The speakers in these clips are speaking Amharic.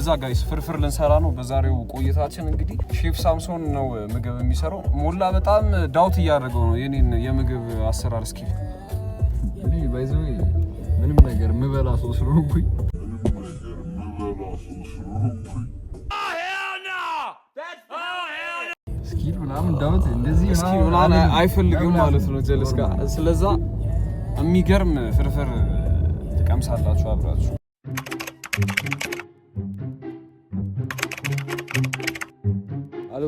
ስለዛ ጋይስ ፍርፍር ልንሰራ ነው። በዛሬው ቆይታችን እንግዲህ ሼፍ ሳምሶን ነው ምግብ የሚሰራው። ሞላ በጣም ዳውት እያደረገው ነው የኔን የምግብ አሰራር ስኪል። ምንም ነገር ምበላ ሰው ስለሆንኩኝ አይፈልግም ማለት ነው ጀለስ ጋር። ስለዛ የሚገርም ፍርፍር ትቀምሳላችሁ አብራችሁ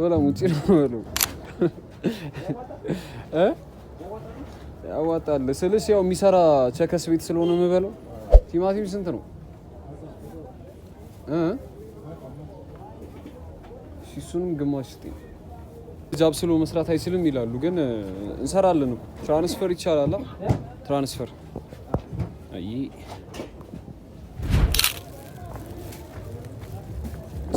አትበላም። ውጭ ነው በለው ያዋጣል ስልሽ ያው የሚሰራ ቸከስ ቤት ስለሆነ የምበለው። ቲማቲም ስንት ነው? እሱንም ግማሽ ስጤኝ። ጃብ ስሎ መስራት አይችልም ይላሉ፣ ግን እንሰራለን። ትራንስፈር ይቻላል። ትራንስፈር አይ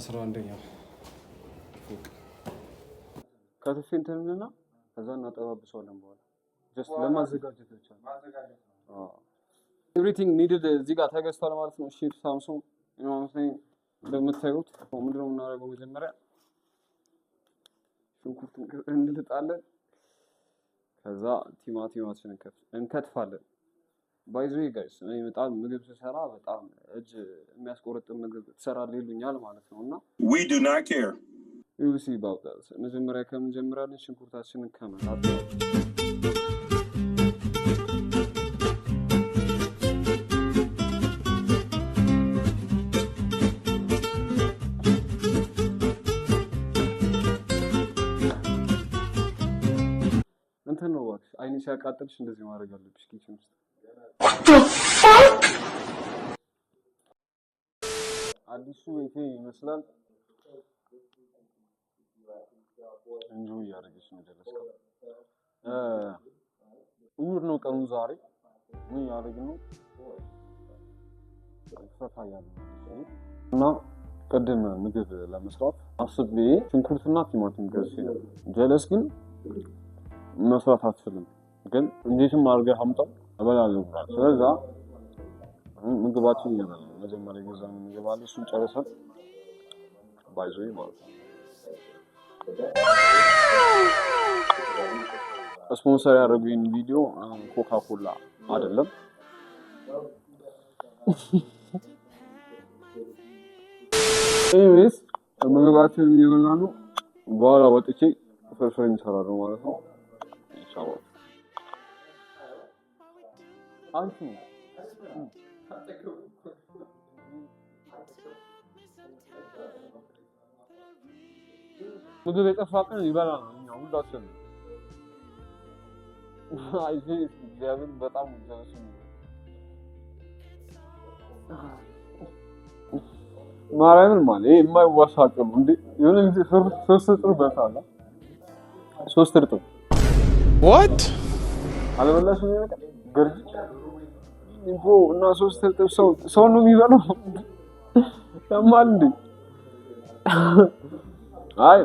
አስራ አንደኛ ከትፌ እንትን እንልና ከዛ እናጠባብሰዋለን። በኋላ ጀስት ለማዘጋጀት ብቻ ኤቭሪቲንግ ኒድድ እዚህ ጋር ተገዝቷል ማለት ነው። ሺፕ ሳምሱንግ ምናምን እንደምታዩት ምንድነው የምናደርገው መጀመሪያ ሽንኩርቱን እንልጣለን። ከዛ ቲማቲማችንን እንከትፋለን። ባይዞ ጋይስ እኔ በጣም ምግብ ስሰራ በጣም እጅ የሚያስቆረጥን ምግብ ትሰራል ይሉኛል ማለት ነው። እና መጀመሪያ ከምን ሽንኩርታችንን ከመላጥ ምንድን ነው እባክሽ? አይንሽ ሲያቃጥልሽ እንደዚህ ማድረግ አለብሽ። ኪችን ውስጥ አዲሱ ቤቴ ይመስላል። እንጆ እያደረገች ነው። እሑድ ነው ቀኑ ዛሬ። ምን እያደረግን ነው? ፈታ ያለ እና ቅድም ምግብ ለመስራት አስቤ ሽንኩርትና ቲማቲም ገዝቼ ነው። ጀለስ ግን መስራት አትችልም። ግን እንዴትም አድርገህ አምጣው እበላለሁ። ስለዛ ምግባችን እየበላ መጀመሪያ ጊዜ ምግብ አለ እሱን ጨርሰን ባይዞ ማለት ነው። ስፖንሰር ያደረጉኝ ቪዲዮ ኮካ ኮላ አይደለም። ኤኒዌይስ ምግባችን እየበላ ነው። በኋላ ወጥቼ ፍርፍር የሚሰራ ነው ማለት ነው። Ciao. Anki. Bu göbekte farklı biber aldım. Yağmur da söndü. Ay seriously, cevabın በጣም ጀለስ ማርያምን ማለት ይሄ የማይዋሳ አቅም እንዴ! የሆነ ጊዜ ሶስት እጥፍ በታላ ሶስት እጥፍ ዋት አለበላሽ እና ሶስት እርጥብ ሰው ነው የሚበላው። ያማል እንዴ? አይ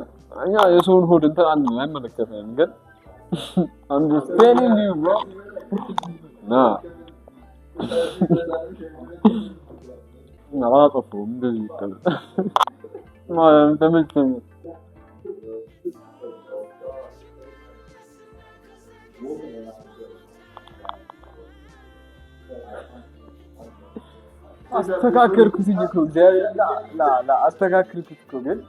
እኛ የሰውን ሆድ እንትን አንድ አይመለከተንም፣ ግን አንደርስታንዲንግ ዩ ብሮ ና አላጠፋሁም እንደዚህ ይቀላል ማለት ተመቸኝ። Sta cacchio così di cude. No, no, no, sta cacchio così di cude.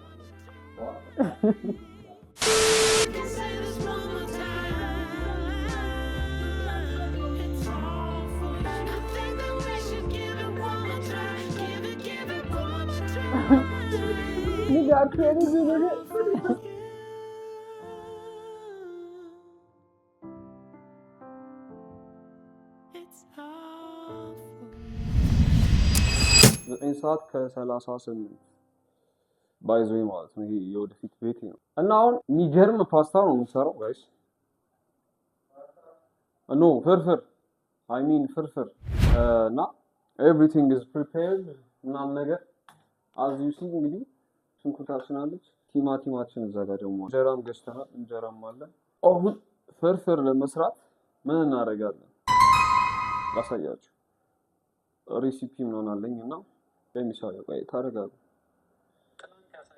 ሰዓት ከ 38 ባይዞ ማለት ነው። ይሄ የወደፊት ቤት ነው እና አሁን የሚገርም ፓስታ ነው የምሰራው ጋይስ። ኖ ፍርፍር አይ ሚን ፍርፍር እና ኤቭሪቲንግ ኢዝ ፕሪፔርድ ምናምን ነገር አዝ ዩ ሲ። እንግዲህ ሽንኩርታችን አለች፣ ቲማቲማችን እዛ ጋር ደግሞ እንጀራም ገዝተናል፣ እንጀራም አለ። አሁን ፍርፍር ለመስራት ምን እናደርጋለን? ላሳያችሁ ሪሲፒ ምናምን አለኝ እና በሚሳዊ ቆይታ አደርጋለሁ። ትናንት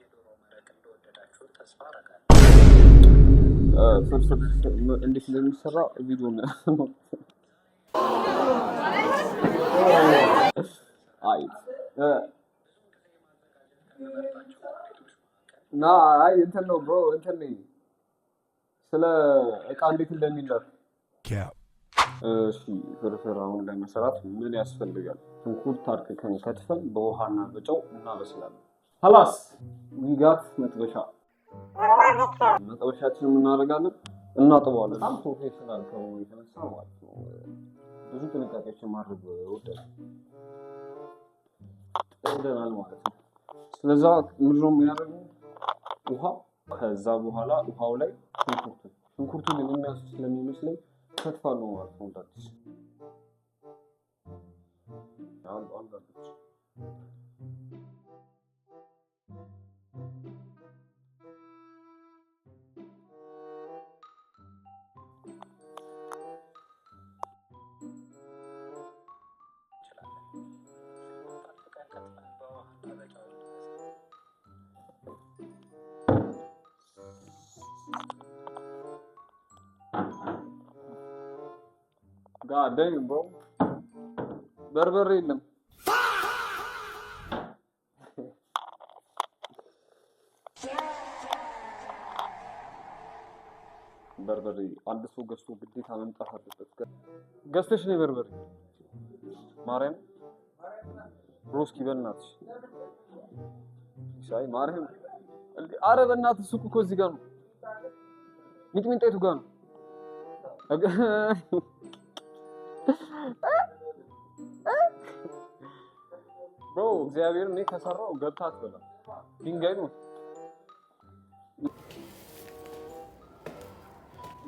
የዶሮ መረቅ እንደወደዳችሁ ተስፋ አደርጋለሁ። ፍርፍር እንዴት እንደሚሰራ ቪዲዮ አይ ና አይ እንትን ነው ብሮ እንትን ስለ እቃ እንዴት እንደሚለፍ እሺ ፍርፍር አሁን ለመስራት ምን ያስፈልጋል? ሽንኩርት አድቅቀን ከትፈን በውሃና በጨው እናበስላለን። ሀላስ ዊጋት መጥበሻ መጥበሻችን የምናደርጋለን እናጥበዋለን። በጣም ፕሮፌሽናል ከመሆኑ የተነሳ ማለት ነው ብዙ ጥንቃቄዎችን ማድረግ ወደል ወደናል ማለት ነው። ስለዛ ምድሮ የሚያደርገው ውሃ ከዛ በኋላ ውሃው ላይ ሽንኩርቱ ሽንኩርቱ ግን የሚያስ ስለሚመስለኝ Dikkat verloren unter dich. Ja, Thank you. በርበሬ የለም። በርበሬ አንድ ሰው ገዝቶ ግዴታ መምጣት አለበት። ገዝተሽ ነው በርበሬ ማርያም ሮስኪ በእናትሽ ሳይ ማርያም፣ አረ በእናትህ ሱቁ እኮ እዚህ ጋር ነው። ሚጥሚጣይቱ ጋር ነው። ብሮ እግዚአብሔር እኔ ከሰራው ገብታ አትበላም። ድንጋይ ነው።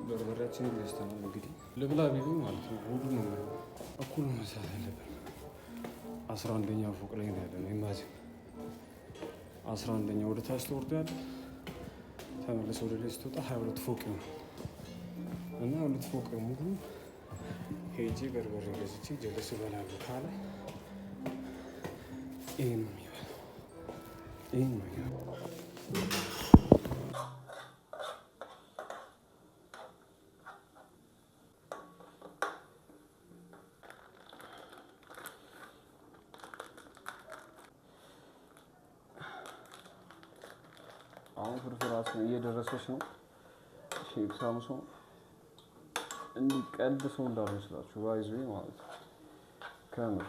በርበሬያችን ገዝተን እንግዲህ ልብላ ቢሉ ማለት ነው። ሁሉ ነው እኩል መሳት ያለብን። አስራ አንደኛ ፎቅ ላይ ያለ ነው ኢማዚ አስራ አንደኛ ወደ ታች ተወርዶ ያለ ተመልሰ ወደ ላይ ስትወጣ ሀያ ሁለት ፎቅ ይሆናል እና ሁለት ፎቅ ሙሉ ሄጂ በርበሬ ገዝቼ ጀለስ ይበላሉ ካለ ይህን የሚበላው ይህን አሁን ፍርፍር እየደረሰች ነው ሳምሶን እንዲቀድ ሰው እንዳልመስላችሁ ባይዙ ማለት ከምር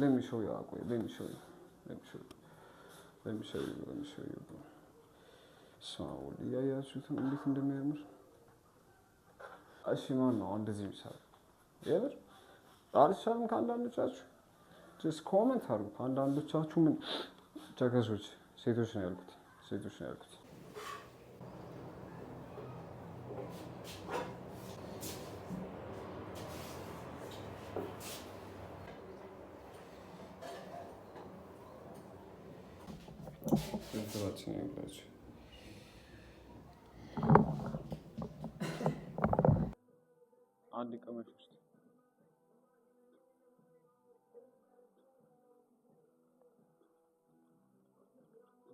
ለሚሾው ያ ቆይ ለሚሾው ለሚሾው ለሚሾው ለሚሾው ሰው እያያችሁት እንዴት እንደሚያምር እሺ። ማን ነው እንደዚህ የሚሰራው? የምር አልቻልም። ከአንዳንዶቻችሁ ጀስት ኮመንት አድርጉ። አንዳንዶቻችሁ ምን ጨከሶች ሴቶች ነው ያልኩት፣ ሴቶች ነው ያልኩት Wydawać nie grać. Adlik ama işte.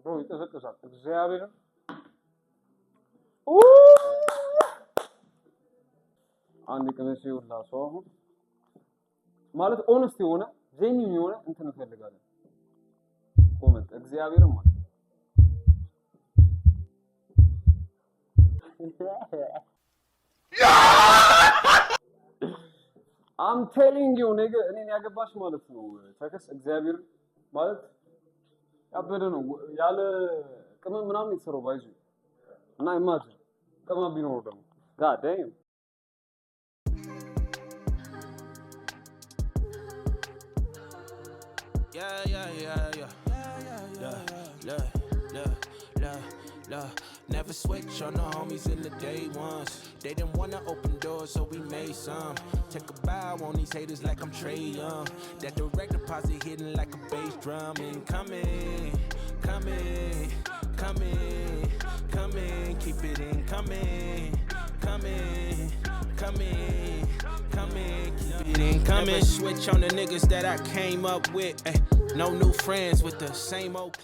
Bro, itazat kazandık. Z haberim. አንድ ቅቤ ሲውላ ሰው አሁን ማለት ኦነስት የሆነ ጄኒን የሆነ እንትን እንፈልጋለን። ኮመንት እግዚአብሔር ማለት አም ቴሊንግ ዩ ነገ እኔን ያገባሽ ማለት ነው። ተከስ እግዚአብሔር ማለት ያበደ ነው ያለ ቅመም ምናምን የተሰራው ባይዙ እና ኢማጂን ቅመም ቢኖር ደግሞ ጋዳይ yeah, yeah, yeah, yeah. yeah yeah yeah yeah yeah. Never switch on the homies in the day ones. They didn't wanna open doors, so we made some. Take a bow on these haters like I'm Trey Young. That direct deposit hitting like a bass drum. And coming, coming, coming, coming. Keep it in coming, coming, coming coming, keep it coming. Switch on the niggas that I came up with. Ay, no new friends with the same old.